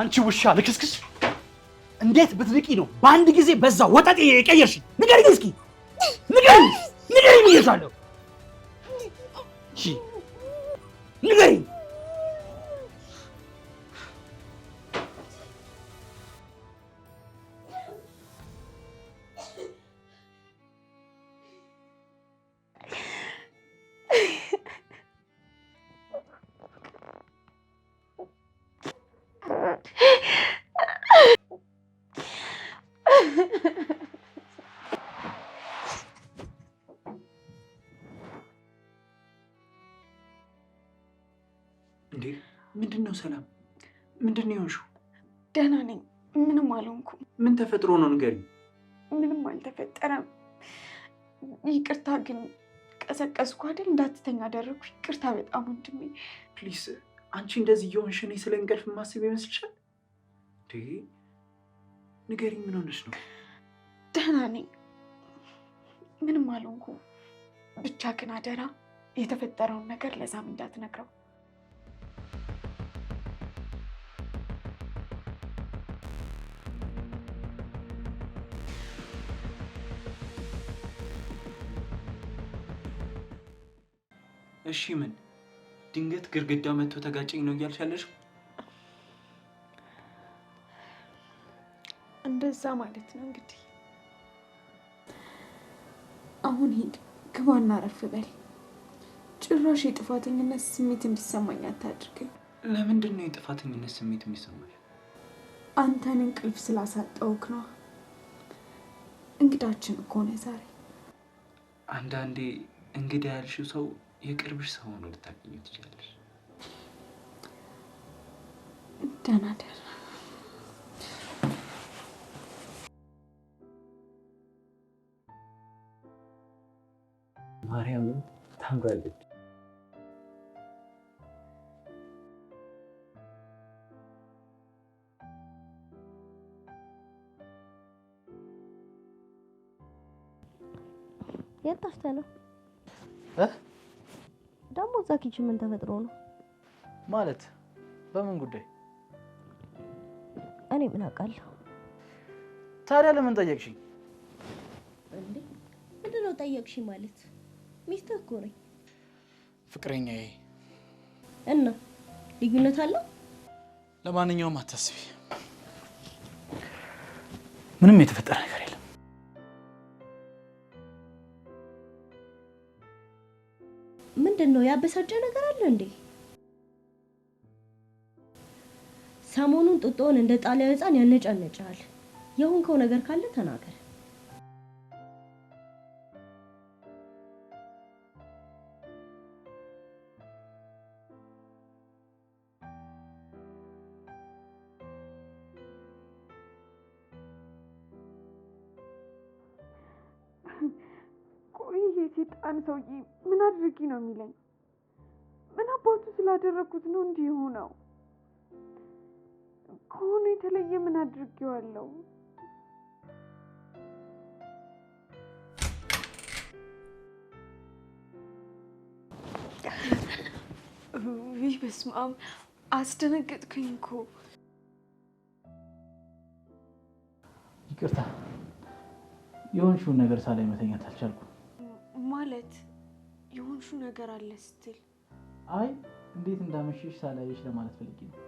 አንቺ ውሻ ልክስክስ! እንዴት ብትንቂ ነው በአንድ ጊዜ በዛ ወጠጤ የቀየርሽ? ንገሪኝ እስኪ ንገሪኝ፣ ንገሪኝ ብዬሻለሁ፣ ንገሪኝ እንዴ ምንድን ነው ሰላም? ምንድን ነው የሆንሽው? ደህና ነኝ፣ ምንም አልሆንኩም። ምን ተፈጥሮ ነው ንገሪ ምንም አልተፈጠረም። ይቅርታ ግን ቀሰቀስኩ አይደል? እንዳትተኛ አደረግኩ። ይቅርታ በጣም ወንድሜ። ፕሊስ አንቺ እንደዚህ እየሆንሽ እኔ ስለ እንቅልፍ ማስብ ይመስልሻል? እንዴ ንገሪኝ፣ ምን ሆነሽ ነው? ደህና ነኝ፣ ምንም አልሆንኩም። ብቻ ግን አደራ የተፈጠረውን ነገር ለዛም እንዳትነግረው እሺ ምን ድንገት ግርግዳ መጥቶ ተጋጨኝ ነው እያልሽ እንደዛ ማለት ነው እንግዲህ። አሁን ሂድ ግባና አረፍ በል። ጭራሽ የጥፋተኝነት ስሜት እንዲሰማኝ አታድርገኝ። ለምንድን ነው የጥፋተኝነት ስሜት የሚሰማኝ? አንተን እንቅልፍ ስላሳጣውክ ነው። እንግዳችን እኮ ነው ዛሬ። አንዳንዴ እንግዳ ያልሽው ሰው የቅርብሽ ሰው ሆኖ ልታገኘው ትችላለሽ። ደህና ደህና ማርያምን ታምራለች። የት ጠፍተህ ነው? እዛ ኪችን ምን ተፈጥሮ ነው ማለት? በምን ጉዳይ? እኔ ምን አውቃለሁ? ታዲያ ለምን ጠየቅሽኝ? እንዴ ምንድን ነው ጠየቅሽኝ ማለት? ሚስትህ እኮ ነኝ። ፍቅረኛዬ። እና ልዩነት አለው? ለማንኛውም አታስቢ፣ ምንም የተፈጠረ ነገር የለም። ምንድን ነው ያበሳጨ ነገር አለ እንዴ? ሰሞኑን ጡጦውን እንደ ጣለ ህፃን ያነጫነጫል። የሆንከው ነገር ካለ ተናገር። ቆይ ይሄ ሰውዬ አድርጊ ነው የሚለኝ። ምን አባቱ ስላደረግኩት ነው እንዲሁ ነው ከሆነ የተለየ ምን አድርጌዋለሁ? ይህ በስመ አብ አስደነገጥከኝ እኮ። ይቅርታ የሆንሽውን ነገር ሳላይ መተኛት አልቻልኩም ማለት የሆንሹ ነገር አለ ስትል አይ እንዴት እንዳመሸሽ ሳላየሽ ለማለት ፈልጌ ነው።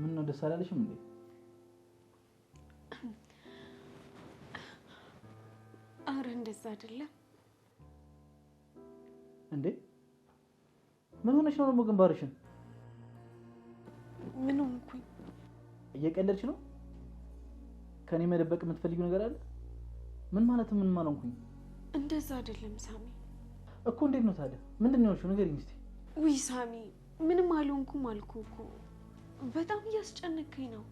ምን ነው ደስ አላለሽም እንዴ? አረ እንደዛ አይደለም እንዴ። ምን ሆነሽ ነው ደግሞ ግንባርሽን? ምን ሆንኩኝ? እየቀለልች ነው? ከኔ መደበቅ የምትፈልጊው ነገር አለ? ምን ማለት ምን ማለት ሆንኩኝ? እንደዛ አይደለም ሳሚ እኮ እንዴት ነው ታዲያ? ምንድን ነው ያልሽው? ንገሪኝ እስኪ። ውይ ሳሚ፣ ምንም አልሆንኩም አልኩ እኮ። በጣም እያስጨነከኝ ነው።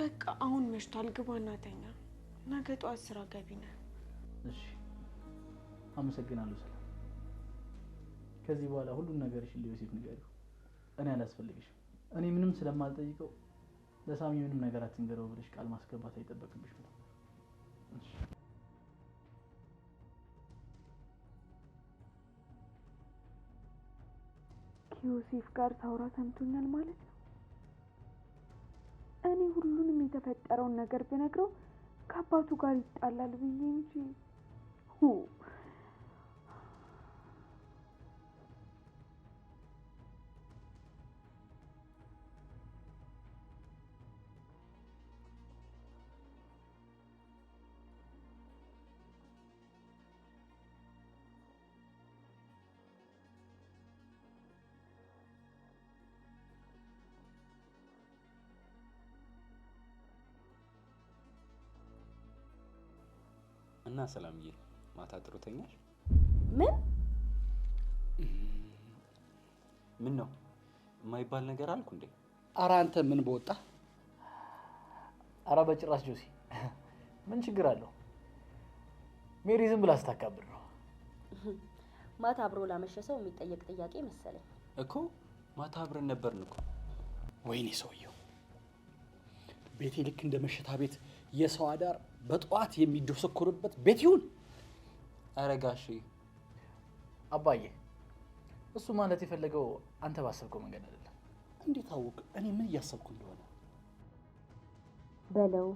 በቃ አሁን መሽቷል፣ ግባ እናተኛ። ነገ ጠዋት ስራ ገቢ ነህ። እሺ፣ አመሰግናለሁ ሰላም። ከዚህ በኋላ ሁሉን ነገርሽን ለዮሴፍ ንገሪው። እኔ አላስፈልግሽም። እኔ ምንም ስለማልጠይቀው ለሳሚ ምንም ነገር አትንገረው ብለሽ ቃል ማስገባት አይጠበቅብሽም። ከዮሴፍ ጋር ታውራ ሰምቶኛል ማለት ነው። እኔ ሁሉንም የተፈጠረውን ነገር ብነግረው ከአባቱ ጋር ይጣላል ብዬ እንጂ ሰላምዬ፣ ማታ ጥሩ ተኛሽ? ምን ምን ነው የማይባል ነገር አልኩ እንዴ? ኧረ አንተ ምን በወጣ። አረ በጭራሽ ጆሲ፣ ምን ችግር አለው? ሜሪ ዝም ብላ ስታካብር ነው። ማታ አብሮ ላመሸ ሰው የሚጠየቅ ጥያቄ መሰለኝ እኮ። ማታ አብረን ነበርን እኮ። ወይኔ ሰውየው፣ ቤቴ ልክ እንደ መሸታ ቤት የሰው አዳር በጠዋት የሚደሰኮርበት ቤት ይሁን። ኧረ ጋሼ አባዬ፣ እሱ ማለት የፈለገው አንተ ባሰብከው መንገድ አይደለም። እንዴት አወቅ? እኔ ምን እያሰብኩ እንደሆነ በለው።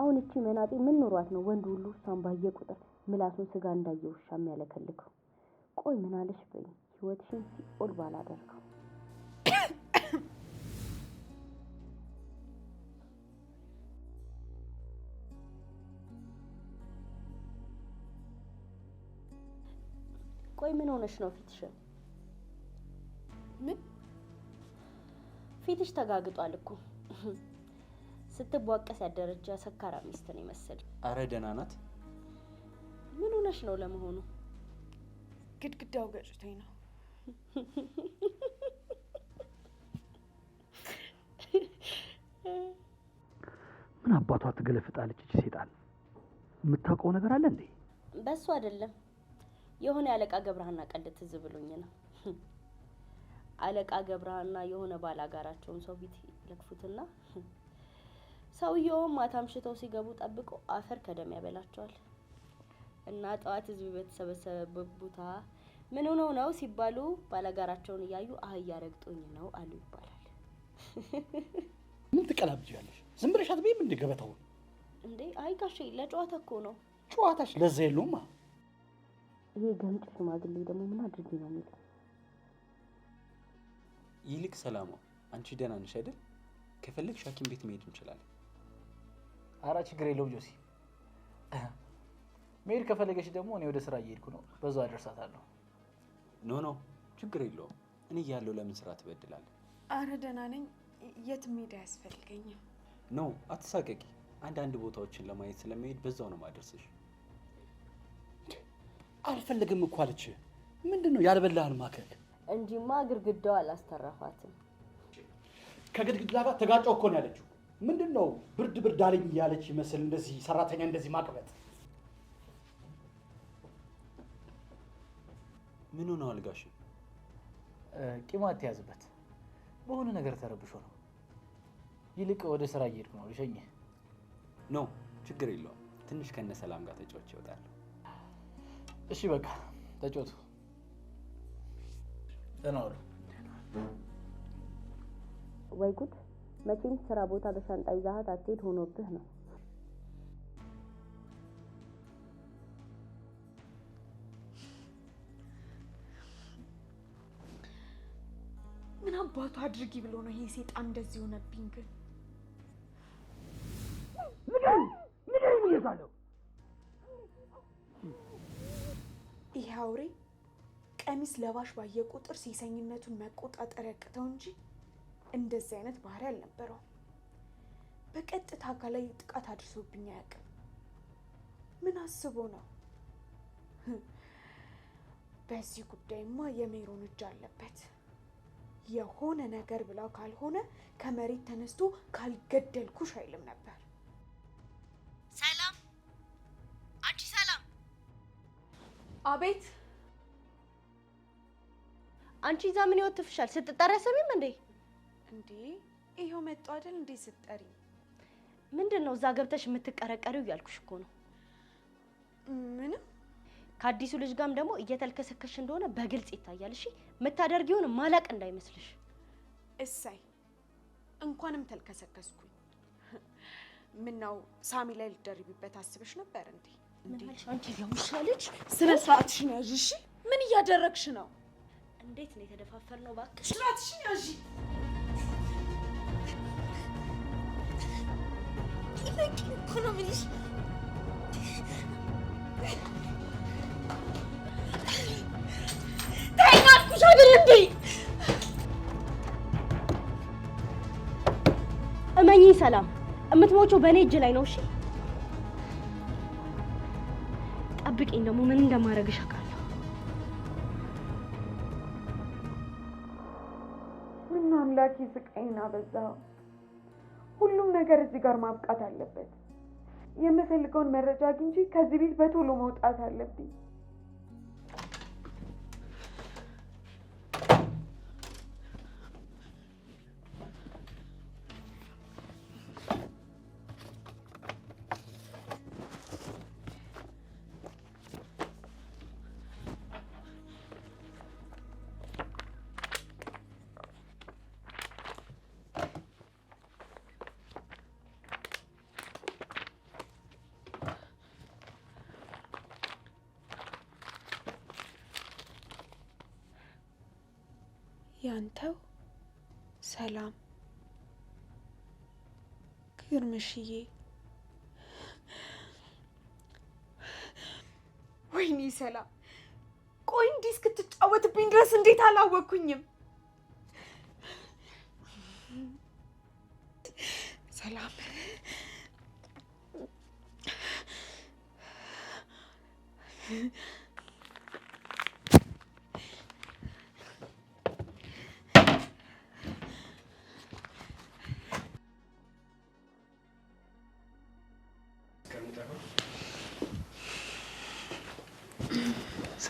አሁን እቺ መናጤ ምን ኖሯት ነው ወንድ ሁሉ እሷን ባየ ቁጥር ምላሱን ስጋ እንዳየ ውሻ የሚያለከልከው? ቆይ ምን አለሽ በይ፣ ህይወትሽን ሲኦል ባላደርገው ቆይ ምን ሆነሽ ነው ፊትሽን? ምን ፊትሽ ተጋግጧል እኮ ስትቧቀስ ያደረጃ ሰካራ ሚስት ነው ይመስል። አረ ደህና ናት። ምን ሆነሽ ነው ለመሆኑ? ግድግዳው ገጭቶኝ ነው። ምን አባቷ ትገለፍጣለች እች ሴጣን። የምታውቀው ነገር አለ እንዴ? በሱ አይደለም የሆነ የአለቃ ገብረሃና ቀልድ ትዝ ብሎኝ ነው። አለቃ ገብረሃና የሆነ ባላጋራቸውን ሰው ቤት ይለክፉትና ሰውየውም ማታ አምሽተው ሲገቡ ጠብቆ አፈር ከደም ያበላቸዋል እና ጠዋት ህዝብ በተሰበሰበበት ቦታ ምን ሆነው ነው ሲባሉ ባላጋራቸውን እያዩ አህያ ረግጦኝ ነው አሉ ይባላል። ምን ትቀላብጂያለሽ? ዝም ብለሽ አትበይም እንደ ገበታውን። እንዴ አይ ጋሼ ለጨዋታ እኮ ነው። ጨዋታሽ ለዛ የለውማ ይሄ ገምጭ ሽማግሌ ደግሞ ምን አድርጌ ነው የሚለው? ይልቅ ሰላሟ፣ አንቺ ደህና ነሽ አይደል? ከፈለግሽ ቤት መሄድ እንችላለን። አራ ችግር የለው ጆሲ። መሄድ ከፈለገች ደግሞ እኔ ወደ ስራ እየሄድኩ ነው፣ በዛ አደርሳታለሁ። ኖ ኖ፣ ችግር የለውም እኔ ያለው ለምን ስራ ትበድላለህ? አረ ደህና ነኝ፣ የት መሄድ አያስፈልገኝም። ኖ አትሳቀቂ። አንዳንድ ቦታዎችን ለማየት ስለመሄድ በዛው ነው ማደርስሽ። አልፈልግም እኮ አለች። ምንድን ነው ያልበላህን ማከክ? እንጂማ ግድግዳው አላስተረፋትም። ከግድግዳ ጋር ተጋጨው እኮ ነው ያለችው። ምንድን ነው ብርድ ብርድ አለኝ እያለች ይመስል እንደዚህ ሰራተኛ እንደዚህ ማቅበጥ ምን ነው አልጋሽ? ቂሙ አትያዝበት፣ በሆነ ነገር ተረብሾ ነው። ይልቅ ወደ ስራ እየሄድኩ ነው። ልሸኝህ ነው። ችግር የለውም። ትንሽ ከነ ሰላም ጋር ተጫውቼ እወጣለሁ። እሺ በቃ ተጫወቱ። ተናወሩ ወይ ጉድ! መቼም ስራ ቦታ በሻንጣ ይዛሃት አትሄድ ሆኖብህ ነው። ምን አባቱ አድርጊ ብሎ ነው ይሄ ሴጣን እንደዚህ ሆነብኝ። ግን ምን ምን ይዛለው ይህ አውሬ ቀሚስ ለባሽ ባየ ቁጥር ሴሰኝነቱን መቆጣጠር ያቅተው እንጂ እንደዚህ አይነት ባህሪ አልነበረውም። በቀጥታ አካላዊ ጥቃት አድርሶብኝ አያውቅም። ምን አስቦ ነው? በዚህ ጉዳይማ የሜሮን እጅ አለበት። የሆነ ነገር ብላው ካልሆነ ከመሬት ተነስቶ ካልገደልኩሽ አይልም ነበር። አቤት አንቺ እዛ ምን ይወትፍሻል? ስትጠሪ ሰሚም እንዴ? እንዴ ይሄው መጡ አይደል እንዴ? ስትጠሪ ምንድን ነው እዛ ገብተሽ የምትቀረቀሪው? እያልኩሽ እኮ ነው። ምንም ከአዲሱ ልጅ ጋርም ደግሞ እየተልከሰከሽ እንደሆነ በግልጽ ይታያል። እሺ የምታደርጊውን ማላቅ እንዳይመስልሽ። እሳይ እንኳንም ተልከሰከስኩኝ። ምነው ሳሚ ላይ ልደርቢበት አስበሽ ነበር እንዴ? ስነ ምን እያደረግሽ ነው? እንዴት ነው የተደፋፈርነው? እባክሽ ስርዓትሽን ያዥ። እመኚኝ ሰላም፣ የምትሞቹ በእኔ እጅ ላይ ነው። እሺ ጠብቂኝ። ደግሞ ምን እንደማደርግሽ አውቃለሁ። ምን አምላኬ ስቃይና በዛ። ሁሉም ነገር እዚህ ጋር ማብቃት አለበት። የምፈልገውን መረጃ አግኝቼ ከዚህ ቤት በቶሎ መውጣት አለብኝ። ያንተው ሰላም ግርምሽዬ። ወይኔ ሰላም፣ ቆይ እንዲህ እስክትጫወትብኝ ድረስ እንዴት አላወቅኩኝም?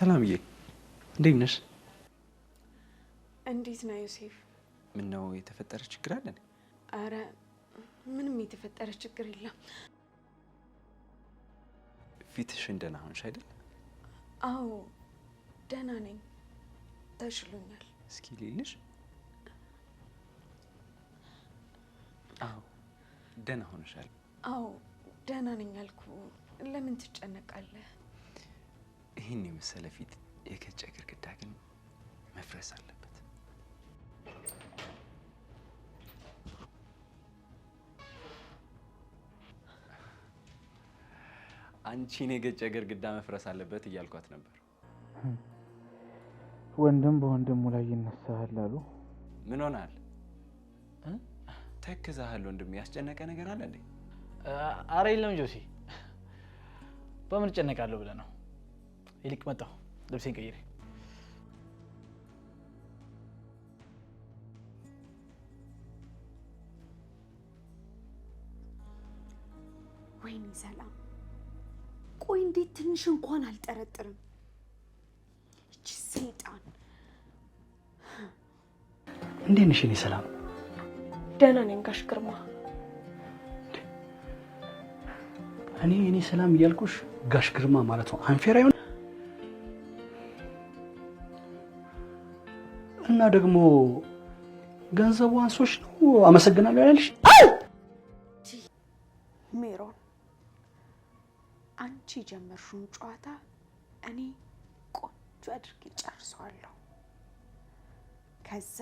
ሰላምዬ እንዴት ነሽ? እንዴት ነው ዮሴፍ? ምን ነው የተፈጠረ ችግር አለን? አረ ምንም የተፈጠረ ችግር የለም። ፊትሽን ደህና ሆንሽ አይደል? አዎ ደህና ነኝ፣ ተሽሎኛል። እስኪ ሌልሽ። አዎ ደህና ሆነሻል። አዎ ደህና ነኝ አልኩ። ለምን ትጨነቃለህ? ይህን የመሰለ ፊት የገጨ ግድግዳ ግን መፍረስ አለበት። አንቺን የገጨ ግድግዳ መፍረስ አለበት እያልኳት ነበር። ወንድም በወንድሙ ላይ ይነሳሃል አሉ። ምን ሆናል? ተክዛሃል? ወንድም ያስጨነቀ ነገር አለ እንዴ? አረ የለም ጆሲ፣ በምን እጨነቃለሁ ብለህ ነው ይልቅ መጣሁ። ልብሴን ቀይሬ ወይኔ ሰላም፣ ቆይ እንዴት ትንሽ እንኳን አልጠረጥርም። እቺ ሰይጣን። እንዴት ነሽ? እኔ ሰላም ደህና ነኝ ጋሽ ግርማ። እኔ እኔ ሰላም እያልኩሽ ጋሽ ግርማ ማለት ነው። አንፌራ ደግሞ ገንዘቡ አንሶች ነው አመሰግናለሁ ያለሽ ሜሮን። አንቺ ጀመርሽውን ጨዋታ እኔ ቆንጆ አድርጌ ጨርሰዋለሁ። ከዛ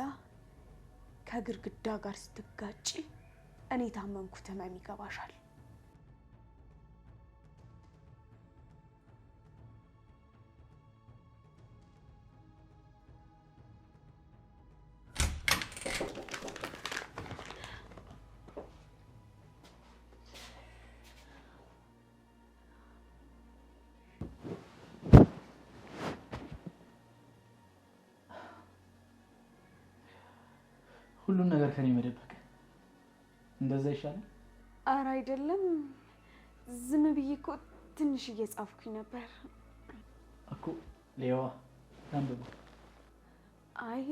ከግርግዳ ጋር ስትጋጭ እኔ ታመምኩ ህመም ይገባሻል። ሁሉን ነገር ከኔ መደበቅ እንደዛ ይሻላል። አረ አይደለም፣ ዝም ብዬ እኮ ትንሽ እየጻፍኩኝ ነበር እኮ ሌዋ አንብቦ። አይ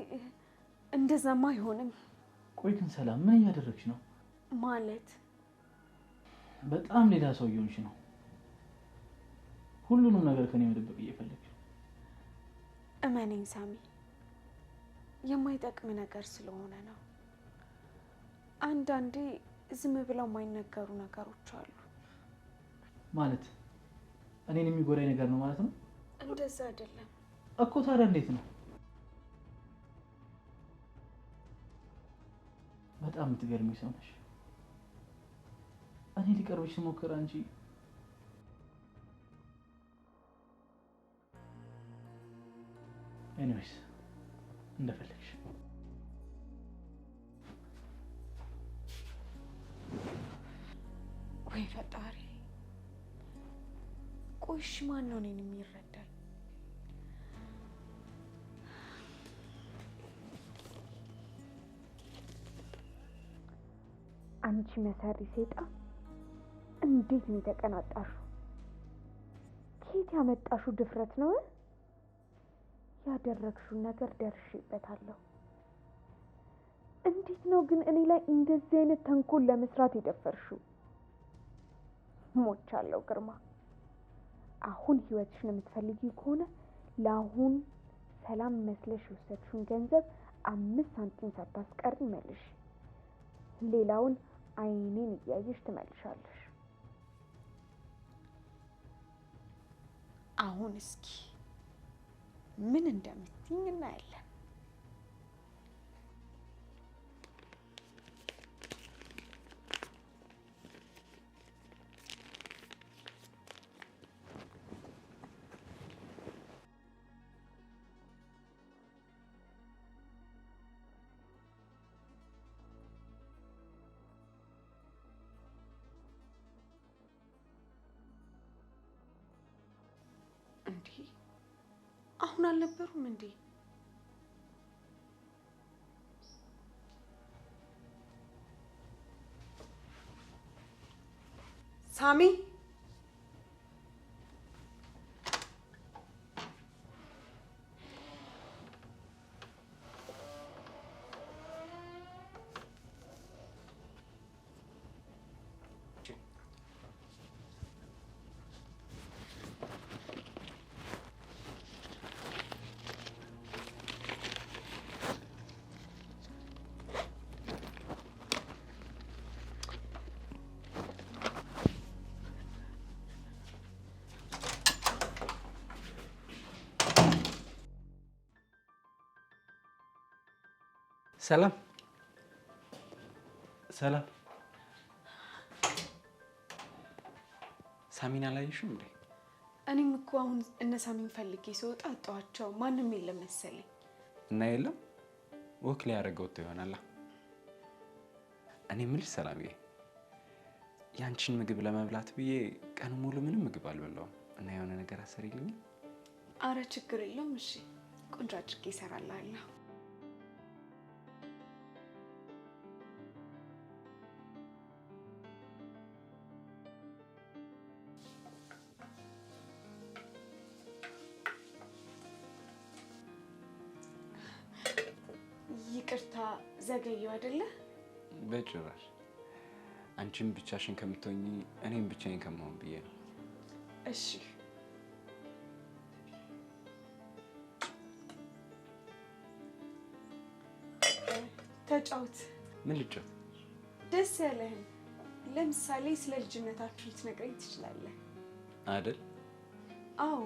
እንደዛማ አይሆንም። ቆይ ግን ሰላም ምን እያደረግሽ ነው? ማለት በጣም ሌላ ሰው እየሆንሽ ነው። ሁሉንም ነገር ከኔ መደበቅ እየፈለግሽ እመኔኝ ሳሚ፣ የማይጠቅም ነገር ስለሆነ ነው። አንዳንዴ ዝም ብለው የማይነገሩ ነገሮች አሉ። ማለት እኔን የሚጎዳኝ ነገር ነው ማለት ነው? እንደዛ አይደለም እኮ። ታዲያ እንዴት ነው? በጣም የምትገርሚ ሰው ነሽ። እኔ ሊቀርብሽ ስሞክር አንቺ ኤኒዌይስ እንደፈለግ ወይ ፈጣሪ! ቆይሽ ማን ነው እኔን የሚረዳኝ? አንቺ መሰሪ ሴጣን እንዴት ነው የተቀናጣሹ? ኬት ያመጣሹ ድፍረት ነው? ያደረግሹን ነገር ደርሼበታለሁ። እንዴት ነው ግን እኔ ላይ እንደዚህ አይነት ተንኮል ለመስራት የደፈርሽው? ሞቻለሁ ግርማ። አሁን ህይወትሽን የምትፈልጊው ከሆነ ለአሁን ሰላም መስለሽ የወሰድሽውን ገንዘብ አምስት ሳንቲም ሳታስቀር መልሽ። ሌላውን አይኔን እያየሽ ትመልሻለሽ። አሁን እስኪ ምን እንደምትይኝ እናያለን። አልነበሩም እንዴ? ሳሚ ሰላም ሰላም። ሳሚን አላየሽም እንዴ? እኔም እኮ አሁን እነ ሳሚን ፈልጌ ስወጣ አጣኋቸው። ማንም የለም መሰለኝ። እና የለም ወክ ላይ ያደረገው ይሆናላ። እኔ የምልሽ ሰላምዬ፣ ያንቺን ምግብ ለመብላት ብዬ ቀን ሙሉ ምንም ምግብ አልበላውም እና የሆነ ነገር አሰሪልኝ። አረ ችግር የለውም። እሺ ቆንጆ አድርጌ እሰራልሃለሁ። ይቅርታ ዘገየው አይደለ? በጭራሽ። አንቺም ብቻሽን ከምትሆኚ እኔም ብቻዬን ከመሆን ብዬ ነው። እሺ ተጫውት። ምን ልጫወት? ደስ ያለህን። ለምሳሌ ስለ ልጅነታችሁ ልትነግረኝ ትችላለህ አይደል? አዎ።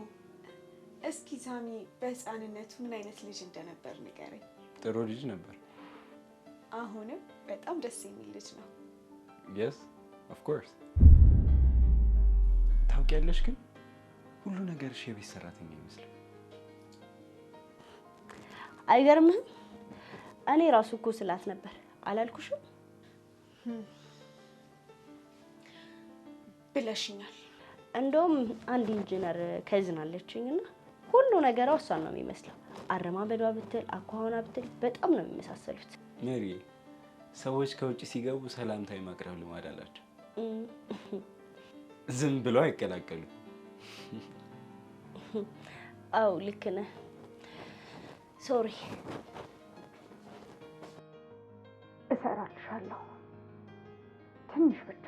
እስኪ ሳሚ፣ በህፃንነቱ ምን አይነት ልጅ እንደነበር ንገረኝ። ጥሩ ልጅ ነበር። አሁንም በጣም ደስ የሚል ልጅ ነው። የስ ኦፍኮርስ። ታውቂያለሽ ግን ሁሉ ነገር እሺ የቤት ሰራተኛ ይመስላል። አይገርምህም? እኔ ራሱ እኮ ስላት ነበር አላልኩሽም? ብለሽኛል። እንደውም አንድ ኢንጂነር ከዝን አለችኝ ሁሉ ነገሯ እሷን ነው የሚመስለው። አረማመዷ ብትል፣ አኳኋኗ ብትል በጣም ነው የሚመሳሰሉት። ሜሪ፣ ሰዎች ከውጭ ሲገቡ ሰላምታ የማቅረብ ልማድ አላቸው። ዝም ብለው አይቀላቀሉም። አው ልክ ነህ። ሶሪ፣ እሰራልሻለሁ። ትንሽ ብቻ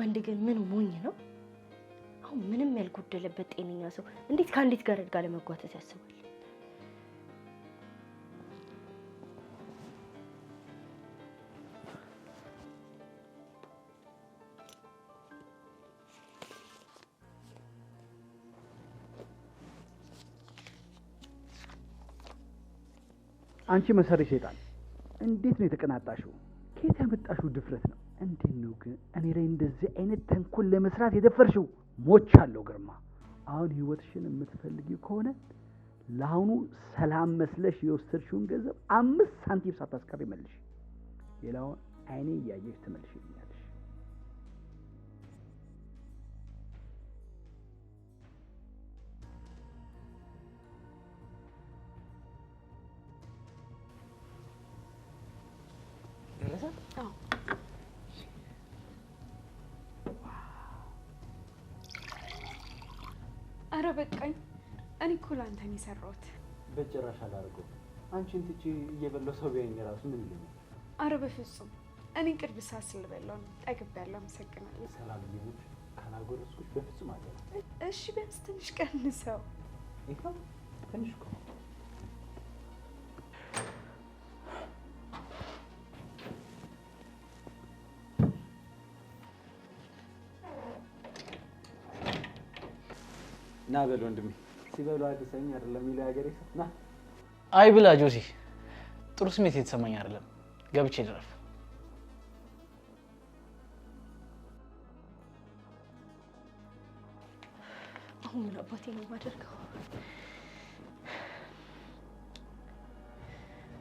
ወንድ ግን ምን ሞኝ ነው? አሁን ምንም ያልጎደለበት ጤነኛ ሰው እንዴት ከአንዲት ጋር እድጋ ለመጓተት ያስባል? አንቺ መሰሪ ሴጣን እንዴት ነው የተቀናጣሽው? ከየት ያመጣሽው ድፍረት ነው? እንዴት ነው ግን እኔ ላይ እንደዚህ አይነት ተንኮል ለመስራት የደፈርሽው? ሞች አለው ግርማ። አሁን ህይወትሽን የምትፈልጊ ከሆነ ለአሁኑ ሰላም መስለሽ የወሰድሽውን ገንዘብ አምስት ሳንቲም ሳታስቀር መልሽ። ሌላውን አይኔ እያየሽ ትመልሽልኛለሽ። ደረሰ? አዎ ለአንተን የሰራሁት። በጭራሽ አላደርገው። አንቺን ትቼ እየበላሁ ሰው ቢያኝ ራሱ ምን ይለኛል? አረ በፍጹም እኔ ቅርብ ሳ ስለበላሁ ነው። ጠግቤያለሁ። አመሰግናለሁ። ሰላም ሊሆች ካላጎረስኩሽ በፍጹም አለ። እሺ ቢያንስ ትንሽ ቀንሰው። ይኸው ትንሽ እኮ ና በል ወንድሜ ሲበሉ አይደለም የሚለው ሰው አይ ብላ ጆሲ፣ ጥሩ ስሜት የተሰማኝ አይደለም። ገብቼ ድረፍ አሁን ምን አባቴ ነው የማደርገው?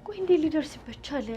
ቆይ እንዴት ሊደርስበት ቻለ?